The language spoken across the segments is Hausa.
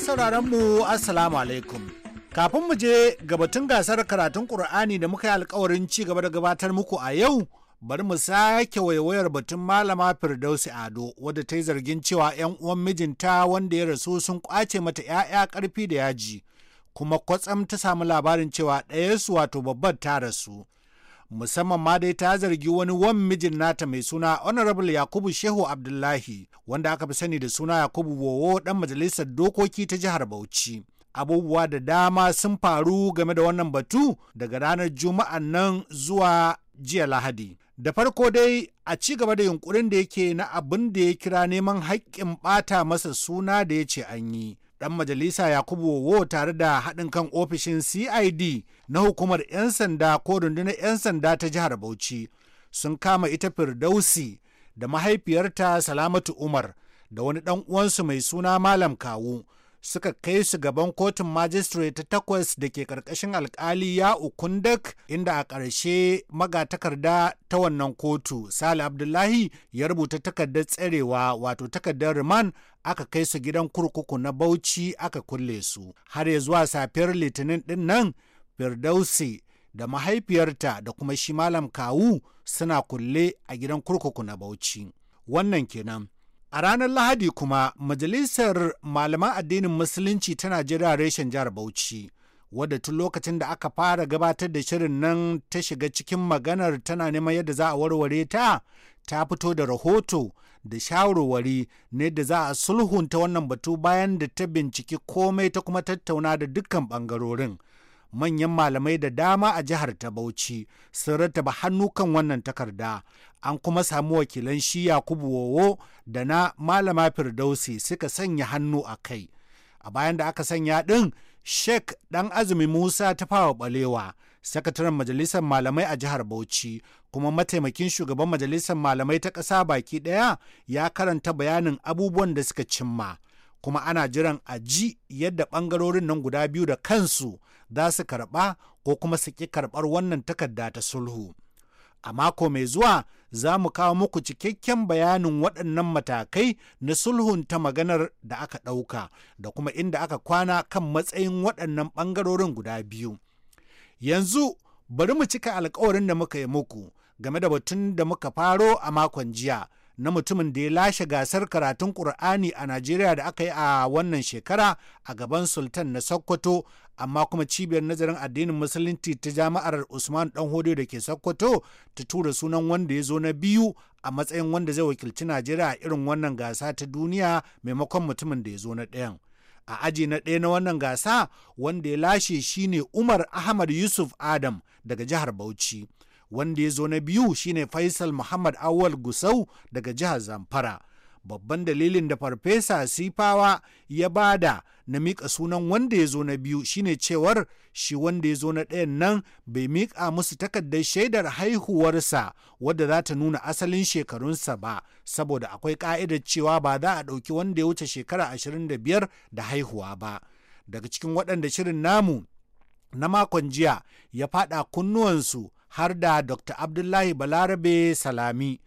sauraron mu assalamu alaikum kafin mu je gabatun gasar karatun ƙur'ani da muka yi alkawarin ci gaba da gabatar muku a yau bari mu sake waiwayar batun malama firdausi ado wadda ta yi zargin cewa 'yan uwan mijinta wanda ya rasu sun kwace mata 'ya'ya karfi da yaji kuma kwatsam ta samu labarin cewa ɗaya su wato babbar ta rasu musamman ma dai ta zargi wani wan mijin nata mai suna honorable yakubu shehu abdullahi wanda aka fi sani da suna yakubu wowo dan majalisar dokoki ta jihar bauchi abubuwa da dama sun faru game da wannan batu daga ranar Juma'a nan zuwa jiya lahadi da farko dai a ci gaba da yunkurin da yake na abin da ya kira neman haƙƙin ɓata masa suna da ya ce an yi ɗan majalisa yakubu wo tare da haɗin kan ofishin cid na hukumar 'yan sanda ko rundunar 'yan sanda ta jihar bauchi sun kama ita firdausi da mahaifiyarta salamatu umar da wani ɗan uwansu mai suna malam kawu suka kai su gaban kotun magistrate ta takwas da ke karkashin alkali ya ukundak inda a ƙarshe magatakarda ta wannan kotu sale abdullahi ya rubuta takardar tsarewa wato takardar riman aka kai su gidan kurkuku na bauchi aka kulle su har ya zuwa safiyar litinin din nan firdausi da mahaifiyarta da kuma shi malam kawu suna kulle a gidan kurkuku na bauchi wannan kenan A ranar Lahadi kuma Majalisar Malaman Addinin Musulunci tana Najeriya reshen jihar Bauchi, wadda tun lokacin da aka fara gabatar da shirin nan ta shiga cikin maganar tana neman yadda za a warware ta, ta fito da rahoto da shawarwari ne da za a sulhunta wannan batu bayan da ta binciki komai ta kuma tattauna da dukkan ɓangarorin. manyan malamai da dama a jihar ta Bauchi sun rattaba hannu kan wannan takarda. An kuma samu wakilan shi Yakubu Wowo da na Malama Firdausi suka sanya hannu a kai. A bayan da aka sanya ɗin, Sheikh ɗan azumi Musa ta fawa ɓalewa, sakataren majalisar malamai a jihar Bauchi, kuma mataimakin shugaban majalisar malamai ta ƙasa baki ɗaya ya karanta bayanin abubuwan da suka cimma. kuma ana jiran a ji yadda ɓangarorin nan guda biyu da kansu za su karɓa ko kuma su ƙi karɓar wannan takarda ta sulhu. A mako mai zuwa za mu kawo muku cikakken bayanin waɗannan matakai na sulhun ta maganar da aka ɗauka da kuma inda aka kwana kan matsayin waɗannan ɓangarorin guda biyu. Yanzu bari mu cika alkawarin da muka yi muku game da batun da muka faro a makon jiya. na mutumin da ya lashe gasar karatun Ƙur'ani a Najeriya da aka yi a wannan shekara a gaban Sultan na Sokoto, amma kuma cibiyar nazarin addinin Musulunci ta jami'ar Usman dan Danhodiyo da ke Sokoto ta tura sunan wanda ya zo na biyu a matsayin wanda zai wakilci Najeriya a irin wannan gasa ta duniya maimakon mutumin da ya zo na ɗayan. a aji na ɗaya na wannan gasa wanda ya lashe shine Umar Ahmad Yusuf Adam daga jihar Bauchi. wanda ya zo na biyu shine faisal muhammad awal gusau daga jihar zamfara babban dalilin da farfesa sifawa ya bada na miƙa sunan wanda ya zo na biyu shine cewar shi wanda ya zo na ɗayan nan bai miƙa musu takardar shaidar haihuwarsa wadda za ta nuna asalin shekarunsa ba saboda akwai ƙa'idar cewa ba za a ɗauki wanda ya wuce shekara 25 da haihuwa ba daga cikin waɗanda shirin namu na makon jiya ya faɗa kunnuwansu har da Dr. Abdullahi Balarabe Salami,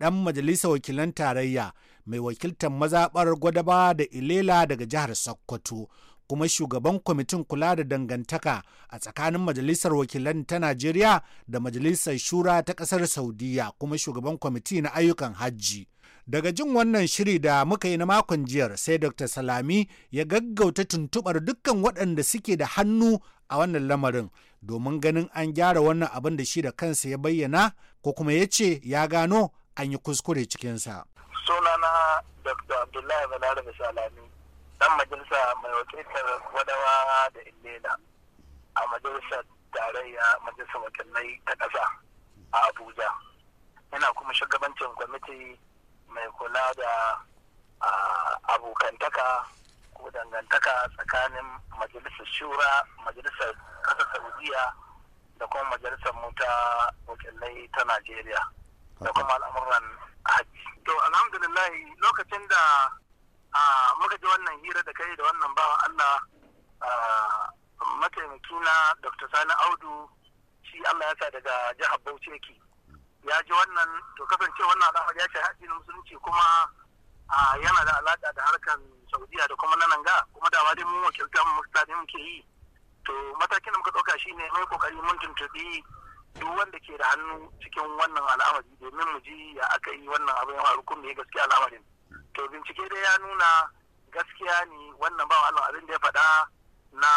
ɗan majalisar wakilan tarayya mai wakiltar mazaɓar gwadaba da Ilela daga jihar Sokoto, kuma shugaban kwamitin kula da dangantaka a tsakanin majalisar wakilan ta Najeriya da majalisar shura ta ƙasar Saudiya kuma shugaban kwamiti na ayyukan hajji. daga jin wannan shiri da muka yi na makon jiyar sai dr salami ya gaggauta tuntubar dukkan waɗanda suke da hannu a wannan lamarin domin ganin an gyara wannan abin da shi da kansa ya bayyana ko kuma ya ce ya gano an yi kuskure cikinsa. sunana dr abdullahi balarabe salami dan majalisa mai wakiltar wadawa da illela a majalisar tarayya majalisar wakilai ta ƙasa a abuja yana kuma shugabancin kwamiti mai kula da abokantaka ko dangantaka tsakanin majalisar shura majalisar kasa saudiya da kuma majalisar mu ta wakilai ta najeriya da kuma al'amuran haji to alhamdulillah lokacin da muka ji wannan hira da kai da wannan bawa allah mataimakina dr sani audu shi allah ya sa daga jihar bauchi yake ya ji wannan to kasance wannan al'amari ya shahi na musulunci kuma yana da alaƙa da harkar saudiya da kuma nan ga kuma da dai mun wakilta mu musta ne muke yi to matakin da muka ɗauka shine mai kokari mun tuntuɓi duk wanda ke da hannu cikin wannan al'amari domin mu ji ya aka yi wannan abin ya faru kuma gaskiya al'amarin to bincike dai ya nuna gaskiya ne wannan ba Allah abin da ya faɗa na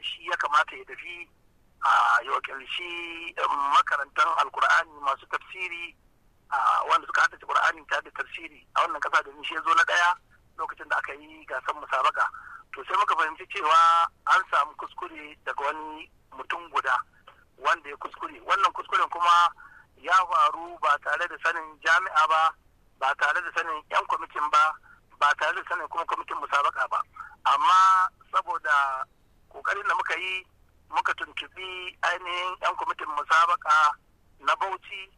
shi ya kamata ya tafi a ya wakilci eh, makarantar alkur'ani masu tafsiri wanda suka haddace Qur'ani ta da tafsiri a wannan kasa da shi zo na daya lokacin da aka yi gasar musabaka to sai muka fahimci cewa an samu kuskure daga wani mutum guda wanda ya kuskure wannan kuskuren kuma ya faru ba tare da sanin jami'a ba ba tare da sanin yan kwamitin ba ba tare da sanin kuma kwamitin musabaka ba amma saboda kokarin da muka yi muka tuntubi ainihin yan kwamitin musabaka na bauchi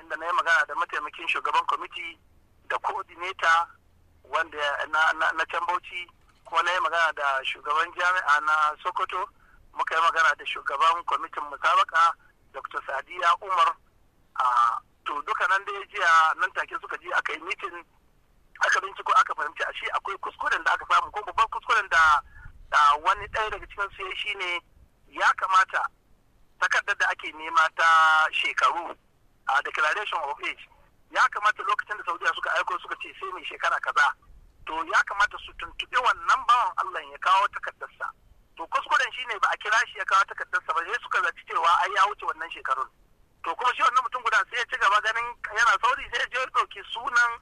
inda na yi magana da mataimakin shugaban kwamiti da coordinator wanda na can bauchi kuma na yi magana da shugaban jami'a na sokoto muka yi magana da shugaban kwamitin musabaka dr sadiya umar a to duka nan da ya jiya nan take suka je aka yi mitin aka binciko aka fahimci a shi akwai kuskuren da aka samu ko babban kuskuren da wani ɗaya daga cikin su ne ya kamata takardar da ake nema ta shekaru a declaration of age ya kamata lokacin da saudiya suka aiko suka ce sai mai shekara kaza to ya kamata su tuntuɓi wannan bawan allah ya kawo takardarsa to kuskuren shine ba a kira shi ya kawo takardarsa ba sai suka zaci cewa ai ya wuce wannan shekarun to kuma shi wannan mutum guda sai ya ci gaba ganin yana sauri sai ya je ɗauki sunan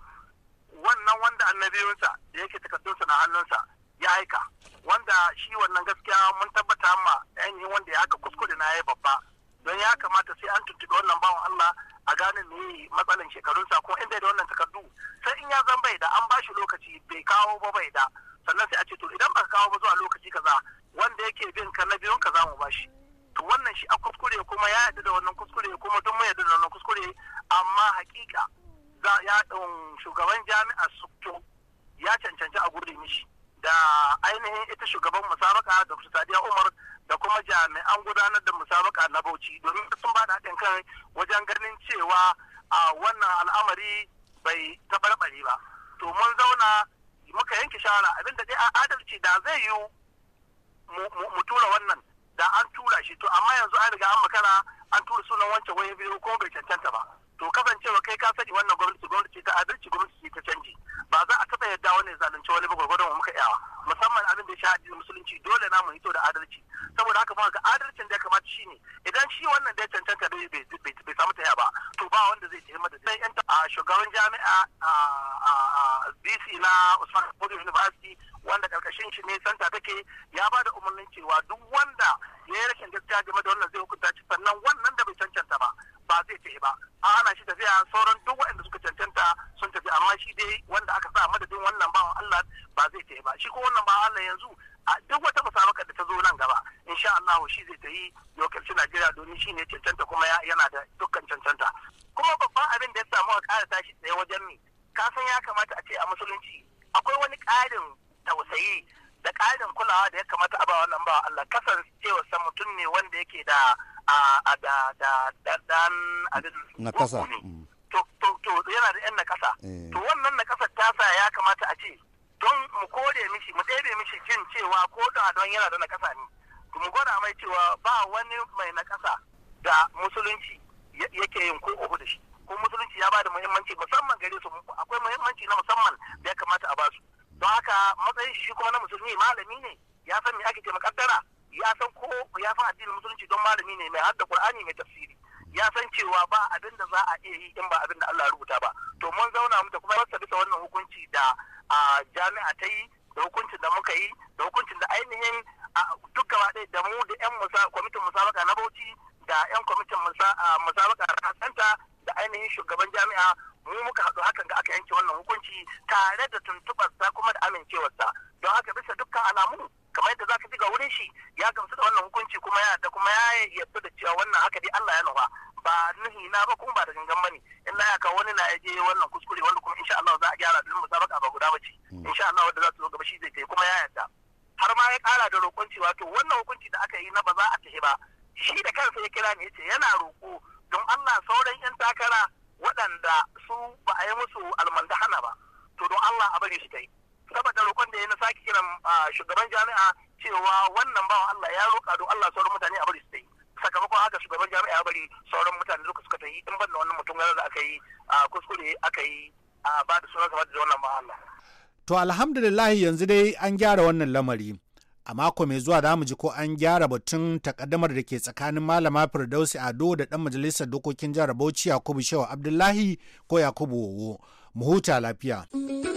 wannan wanda annabiyunsa da yake takardunsa na hannunsa ya aika wanda shi wannan gaskiya mun tabbata ma ainihin wanda ya haka kuskure na ya babba don ya kamata sai an tuntuɓi wannan bawan Allah a gane me matsalan shekarunsa ko in da wannan takardu sai in ya zan bai da an bashi lokaci bai kawo ba bai da sannan sai a ce to idan baka kawo ba zuwa lokaci kaza wanda yake bin ka na biyun ka mu bashi to wannan shi a kuskure kuma ya yarda da wannan kuskure kuma duk mu yadda da wannan kuskure amma hakika za ya um, shugaban jami'a su ya cancanci a gurin shi da ainihin ita shugaban musabaka da sadiya umar da kuma jami'an gudanar da musabaka na bauchi domin sun ba da haɗin kai wajen ganin cewa a wannan al'amari bai tabarbare ba to mun zauna muka yanke shawara abinda dai a adalci da zai yi mu tura wannan da an tura shi to amma yanzu an riga an makara an tura sunan wancan wani biyu ko bai cancanta ba na Usman Bodo University wanda karkashin shi ne santa take ya ba da umarnin cewa duk wanda ya yi rashin gaskiya game da wannan zai hukunta shi sannan wannan da bai cancanta ba ba zai tafi ba a ana shi tafiya sauran duk waɗanda suka cancanta sun tafi amma shi dai wanda aka sa madadin wannan bawan Allah ba zai tafi ba shi ko wannan bawan Allah yanzu a duk wata musabakar da ta zo nan gaba insha Allah shi zai ta yi shi Najeriya domin shi ne cancanta kuma yana da dukkan cancanta kuma babban abin da ya samu a ƙara tashi tsaye wajen ne kasan ya kamata a ce a musulunci akwai wani ƙarin tausayi da ƙarin kulawa da ya kamata a ba wannan ba Allah kasancewa san mutum ne wanda yake da a da da da dan na kasa mm. to to to yana da yan na kasa eh. to wannan na kasa ta sa ya kamata a ce don mu kore mishi mu ɗebe mishi jin cewa ko da don yana da na kasa ne mu gwada mai cewa ba wani mai na kasa da musulunci yake yin ko da shi ko musulunci ya ba da muhimmanci musamman gare su akwai muhimmanci na musamman da ya kamata a basu don haka matsayin shi kuma na musulmi malami ne ya san me ake ce makaddara ya san ko ya san addinin musulunci don malami ne mai hadda qur'ani mai tafsiri ya san cewa ba abin da za a iya yi in ba abin da Allah ya rubuta ba to mun zauna mu ta kuma wasa bisa wannan hukunci da a jami'a ta yi da hukuncin da muka yi da hukuncin da ainihin duk gaba ɗaya da mu da 'yan kwamitin musabaka na bauchi da 'yan kwamitin musabaka na santa ainihin shugaban jami'a mu muka haɗu hakan ga aka yanke wannan hukunci tare da tuntuɓarsa kuma da amincewarsa don haka bisa dukkan alamu kamar yadda zaka ji ga wurin shi ya gamsu da wannan hukunci kuma ya da kuma ya yarda da cewa wannan haka dai Allah ya nufa ba nuhi na ba kuma ba da gangan bane illa ya kawo wani na ya je wannan kuskure wanda kuma insha Allah za a gyara domin musabaka ba guda bace hmm. insha Allah wanda za su zo gaba shi zai kai kuma ya yarda har ma ya kara da roƙon cewa to wannan hukunci da aka yi na ba za a tafi ba shi da kansa ya kira ni yace yana roƙo don Allah sauran 'yan takara waɗanda su ba a yi musu hana ba to don Allah a bari su kai saboda roƙon da ya na sake kiran shugaban jami'a cewa wannan bawa Allah ya roƙa don Allah sauran mutane a bari su kai sakamakon haka shugaban jami'a ya bari sauran mutane duka suka ta yi, in ban da wannan mutum da aka yi kuskure aka yi ba da sunan da wannan ba Allah to alhamdulillah yanzu dai an gyara wannan lamari a mako mai zuwa za mu ji ko an gyara batun takaddamar da ke tsakanin malama firdausi ado da dan majalisar dokokin jihar bauchi yakubu shehu abdullahi ko yakubu wowo mu huta lafiya.